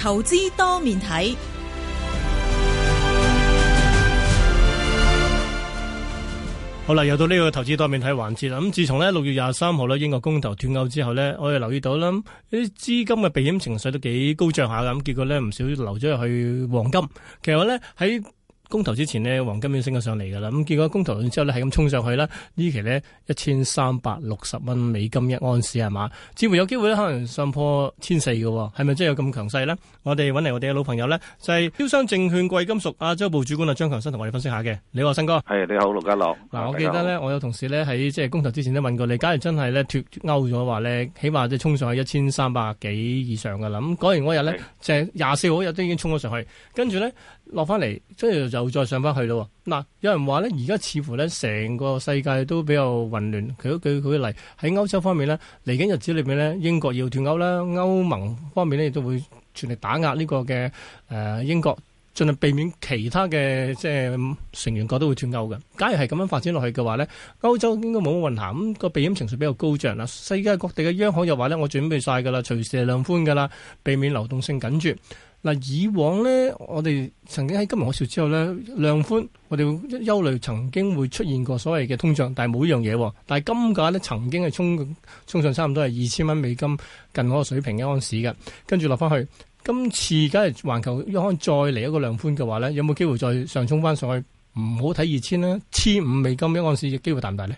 投資多面睇，好啦，又到呢個投資多面睇環節啦。咁自從呢六月廿三號呢英國公投脫歐之後呢，我哋留意到啦，啲資金嘅避險情緒都幾高漲下㗎。咁結果呢，唔少流咗入去黃金。其實呢喺。公投之前呢，黃金已經升咗上嚟噶啦。咁結果公投之後呢，係咁衝上去啦。呢期呢，一千三百六十蚊美金一盎司係嘛？似乎有機會呢，可能上破千四嘅，係咪真係有咁強勢呢？我哋揾嚟我哋嘅老朋友呢，就係、是、招商證券貴金屬亞洲部主管啊張強生同我哋分析下嘅。你話新哥，係你好盧家樂。嗱，啊、我記得呢，我有同事呢，喺即係公投之前呢問過你，假如真係呢脫歐咗話呢，起碼即係衝上去一千三百幾以上噶啦。咁、那、嗰、個、日呢，是就係廿四號嗰日都已經衝咗上去，跟住呢。落翻嚟，即係又再上翻去咯。嗱，有人話咧，而家似乎咧，成個世界都比較混亂。佢都舉舉例，喺歐洲方面咧，嚟緊日子裏邊咧，英國要脫歐啦，歐盟方面咧亦都會全力打壓呢個嘅誒、呃、英國。盡量避免其他嘅即係成員國都會脫歐嘅。假如係咁樣發展落去嘅話呢，歐洲應該冇乜雲霞。咁、那個避險情緒比較高漲啦。世界各地嘅央行又話呢，我準備晒㗎啦，隨時係量寬㗎啦，避免流動性緊絀。嗱、啊，以往呢，我哋曾經喺金融海嘯之後呢，量寬我哋會憂慮曾經會出現過所謂嘅通脹，但係冇一樣嘢。但係金價咧，曾經係衝上衝上差唔多係二千蚊美金近嗰個水平一盎司嘅，跟住落翻去。今、嗯、次梗係環球央行再嚟一個量寬嘅話咧，有冇機會再上衝翻上去？唔好睇二千啦，千五美金一盎司嘅機會大唔大咧？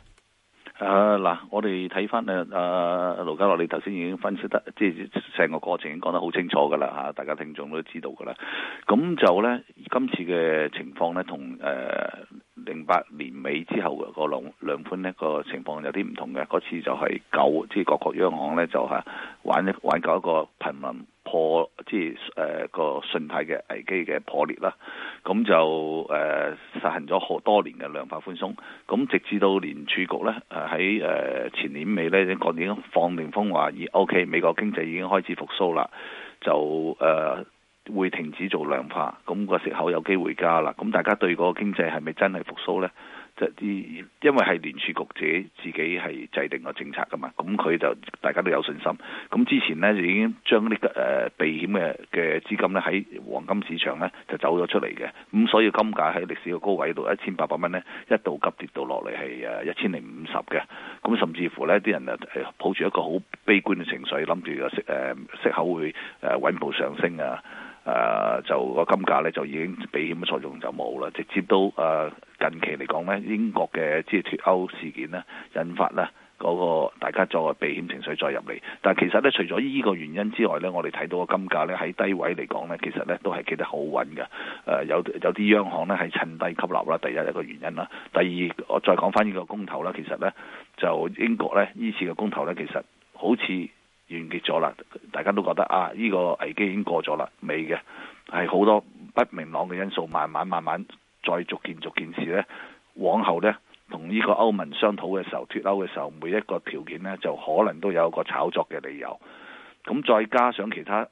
誒嗱、啊，我哋睇翻誒誒盧家樂，你頭先已經分析得，即係成個過程已經講得好清楚噶啦嚇，大家聽眾都知道噶啦。咁就咧，今次嘅情況咧，同誒零八年尾之後，個量量寬呢個情況有啲唔同嘅。嗰次就係救，即係各國央行咧就係挽挽救一個貧民。破即係誒、呃、個信貸嘅危機嘅破裂啦，咁就誒、呃、實行咗好多年嘅量化寬鬆，咁直至到聯儲局咧喺誒前年尾咧，已經啲已經放定風話，而 OK，美國經濟已經開始復甦啦，就誒、呃、會停止做量化，咁個息口有機會加啦，咁大家對個經濟係咪真係復甦咧？因為係聯儲局自己自己係制定個政策噶嘛，咁佢就大家都有信心。咁之前呢，就已經將啲誒、呃、避險嘅嘅資金呢喺黃金市場呢就走咗出嚟嘅，咁所以金價喺歷史嘅高位度一千八百蚊呢，一度急跌到落嚟係誒一千零五十嘅。咁、uh, 甚至乎呢啲人啊誒抱住一個好悲觀嘅情緒，諗住個息誒、呃、息口會誒穩、呃、步上升啊，誒、呃、就個金價呢，就已經避險嘅作用就冇啦，直接都誒。呃近期嚟講呢，英國嘅即係脫歐事件呢，引發呢嗰個大家再避險情緒再入嚟。但係其實呢，除咗呢個原因之外呢，我哋睇到個金價呢喺低位嚟講呢，其實呢都係企得好穩嘅。誒、呃，有有啲央行呢係趁低吸納啦，第一一個原因啦。第二，我再講翻呢個公投啦，其實呢就英國呢，呢次嘅公投呢，其實好似完結咗啦，大家都覺得啊，呢、呢個危機已經過咗啦，未嘅係好多不明朗嘅因素，慢慢慢慢。再逐件逐件事呢，往後呢，同呢個歐盟商討嘅時候，脫歐嘅時候，每一個條件呢，就可能都有一個炒作嘅理由。咁再加上其他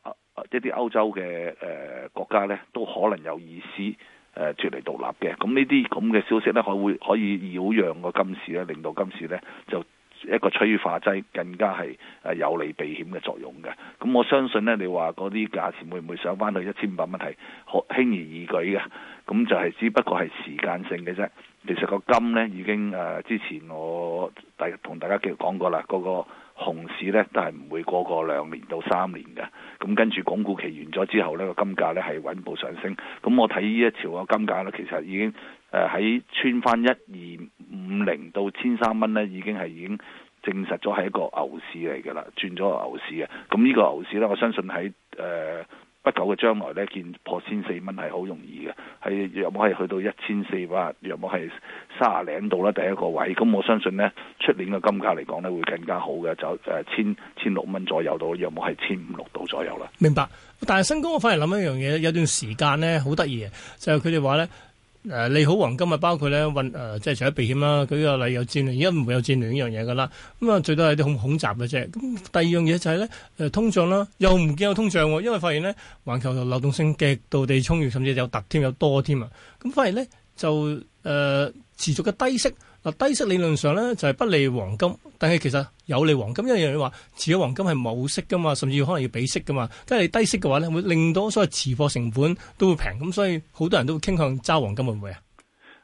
一啲歐洲嘅誒、呃、國家呢，都可能有意思誒、呃、脫離獨立嘅。咁呢啲咁嘅消息呢，會會可會可以擾攘個金市呢，令到金市呢就一個催化劑，更加係誒有利避險嘅作用嘅。咁我相信呢，你話嗰啲價錢會唔會上翻去一千五百蚊係好輕而易舉嘅？咁就係、是、只不過係時間性嘅啫。其實個金呢，已經誒、呃、之前我大同大家繼續講過啦，嗰個個。熊市呢都係唔會過過兩年到三年嘅，咁、嗯、跟住鞏固期完咗之後呢個金價呢係穩步上升。咁、嗯、我睇呢一潮嘅金價呢，其實已經誒喺穿翻一二五零到千三蚊呢，已經係已經證實咗係一個牛市嚟㗎啦，轉咗個牛市嘅。咁、嗯、呢、這個牛市呢，我相信喺誒、呃、不久嘅將來呢，見破千四蚊係好容易嘅。係有冇係去到一千四百，有冇係三十零度啦？第一個位，咁我相信咧，出年嘅金價嚟講咧，會更加好嘅，就誒千千六蚊左右到，有冇係千五六度左右啦？明白，但係生哥，我反而諗一樣嘢，有段時間咧好得意嘅，就係佢哋話咧。誒、呃、利好黃金、呃、啊，包括咧運誒，即係除咗避險啦，舉個例有戰亂，而家唔會有戰亂呢樣嘢噶啦。咁啊，最多係啲恐恐襲嘅啫。咁第二樣嘢就係咧，誒、呃、通脹啦，又唔見有通脹喎，啊，因為發現呢，環球流動性極度地充裕，甚至有特添有多添啊。咁、嗯、反而呢，就。誒、呃，持續嘅低息嗱，低息理論上呢就係、是、不利黃金，但係其實有利黃金，因為人哋話持有黃金係冇息噶嘛，甚至可能要俾息噶嘛，即係低息嘅話呢，會令到所謂持貨成本都會平，咁所以好多人都會傾向揸黃金，會唔會啊？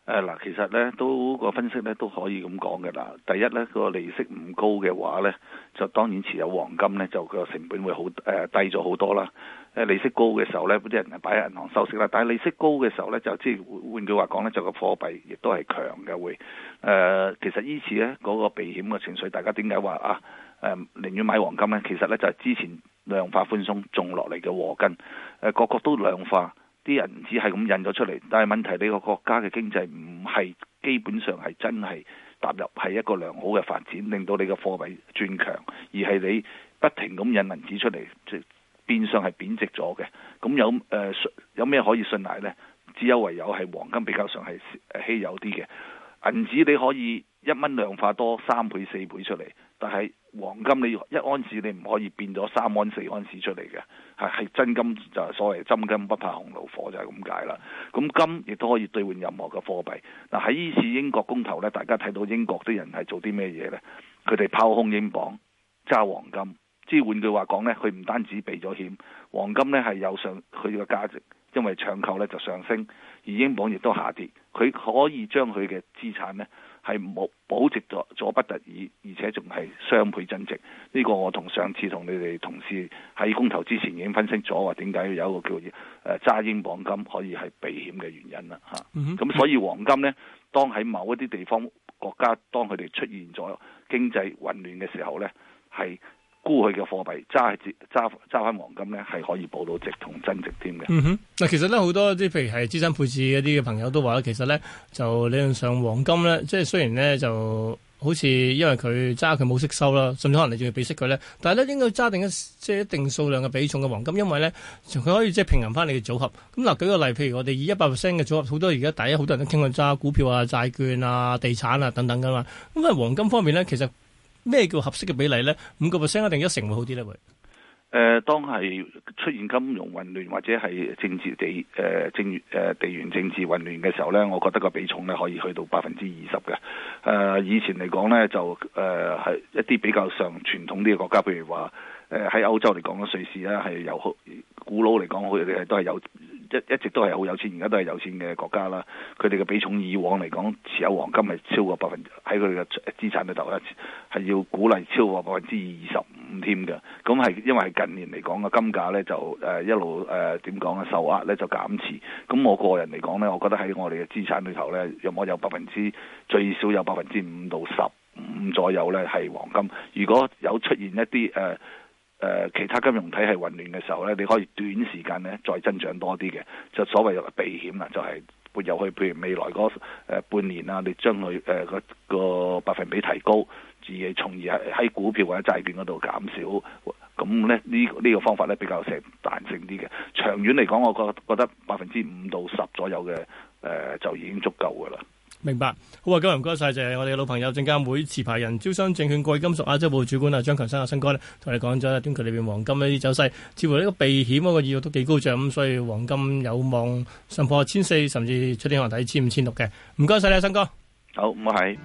誒嗱，其實咧都個分析咧都可以咁講嘅啦。第一咧、那個利息唔高嘅話咧，就當然持有黃金咧就個成本會好誒、呃、低咗好多啦。誒利息高嘅時候咧，嗰啲人係擺喺銀行收息啦。但係利息高嘅時候咧，就即係換句話講咧，就個貨幣亦都係強嘅會。誒、呃、其實依次咧嗰、那個避險嘅情緒，大家點解話啊誒、呃、寧願買黃金咧？其實咧就係、是、之前量化寬鬆種落嚟嘅禍根。誒個個都量化。啲銀紙係咁印咗出嚟，但係問題你個國家嘅經濟唔係基本上係真係踏入係一個良好嘅發展，令到你嘅貨幣轉強，而係你不停咁印銀紙出嚟，即係變相係貶值咗嘅。咁有誒、呃、有咩可以信賴呢？只有唯有係黃金比較上係稀有啲嘅銀紙，你可以一蚊量化多三倍四倍出嚟。但係黃金一你一盎司你唔可以變咗三盎四盎司出嚟嘅，係係真金就係所謂真金不怕紅爐火就係咁解啦。咁金亦都可以兌換任何嘅貨幣。嗱喺呢次英國公投咧，大家睇到英國啲人係做啲咩嘢咧？佢哋拋空英鎊，揸黃金。即係換句話講咧，佢唔單止避咗險，黃金咧係有上佢嘅價值，因為搶購咧就上升，而英鎊亦都下跌。佢可以將佢嘅資產咧。係冇保值咗咗不特止，而且仲係雙倍增值。呢、這個我同上次同你哋同事喺公投之前已經分析咗，話點解有一個叫誒揸、呃、英黃金可以係避險嘅原因啦嚇。咁、嗯、哼所以黃金呢，當喺某一啲地方國家當佢哋出現咗經濟混亂嘅時候呢，係。沽佢嘅貨幣揸住揸揸翻黃金呢，係可以保到值同增值添嘅。嗯哼，嗱，其實呢，好多啲，譬如係資產配置一啲嘅朋友都話呢，其實呢，就理論上黃金呢，即係雖然呢，就好似因為佢揸佢冇息收啦，甚至可能你仲要俾息佢呢。但係呢，應該揸定一即係一定數量嘅比重嘅黃金，因為呢，佢可以即係平衡翻你嘅組合。咁嗱，舉個例，譬如我哋以一百 percent 嘅組合，好多而家第一好多人都傾向揸股票啊、債券啊、地產啊等等噶嘛。咁喺黃金方面呢，其實。咩叫合適嘅比例呢？五個 percent 一定一成會好啲呢？會？誒，當係出現金融混亂或者係政治地誒政誒地緣政治混亂嘅時候呢，我覺得個比重呢，可以去到百分之二十嘅。誒、呃，以前嚟講呢，就誒係、呃、一啲比較上傳統啲嘅國家，譬如話誒喺歐洲嚟講嘅瑞士呢，係有好古老嚟講佢哋都係有。一一直都係好有錢，而家都係有錢嘅國家啦。佢哋嘅比重以往嚟講持有黃金係超過百分，喺佢哋嘅資產裏頭咧係要鼓勵超過百分之二十五添嘅。咁係因為近年嚟講嘅金價咧就誒、呃、一路誒點講啊，受壓咧就減持。咁我個人嚟講咧，我覺得喺我哋嘅資產裏頭咧，有冇有百分之最少有百分之五到十五左右咧係黃金。如果有出現一啲誒，呃誒其他金融體系混亂嘅時候咧，你可以短時間咧再增長多啲嘅，就所謂避險啦，就係撥入去，譬如未來嗰、呃、半年啊，你將佢誒個百分比提高，自己從而喺股票或者債券嗰度減少，咁咧呢呢、這個這個方法咧比較成彈性啲嘅。長遠嚟講，我覺得得百分之五到十左右嘅誒、呃、就已經足夠㗎啦。明白，好啊！今日唔該晒就係我哋老朋友證監會持牌人招商證券貴金屬亞洲部主管啊張強生啊新哥咧，同你講咗啊短期裏邊黃金呢啲走勢，似乎呢個避險嗰個意欲都幾高漲，咁所以黃金有望升破千四，甚至出年都話睇千五、千六嘅。唔該晒你啊，新哥。好，唔該，喎。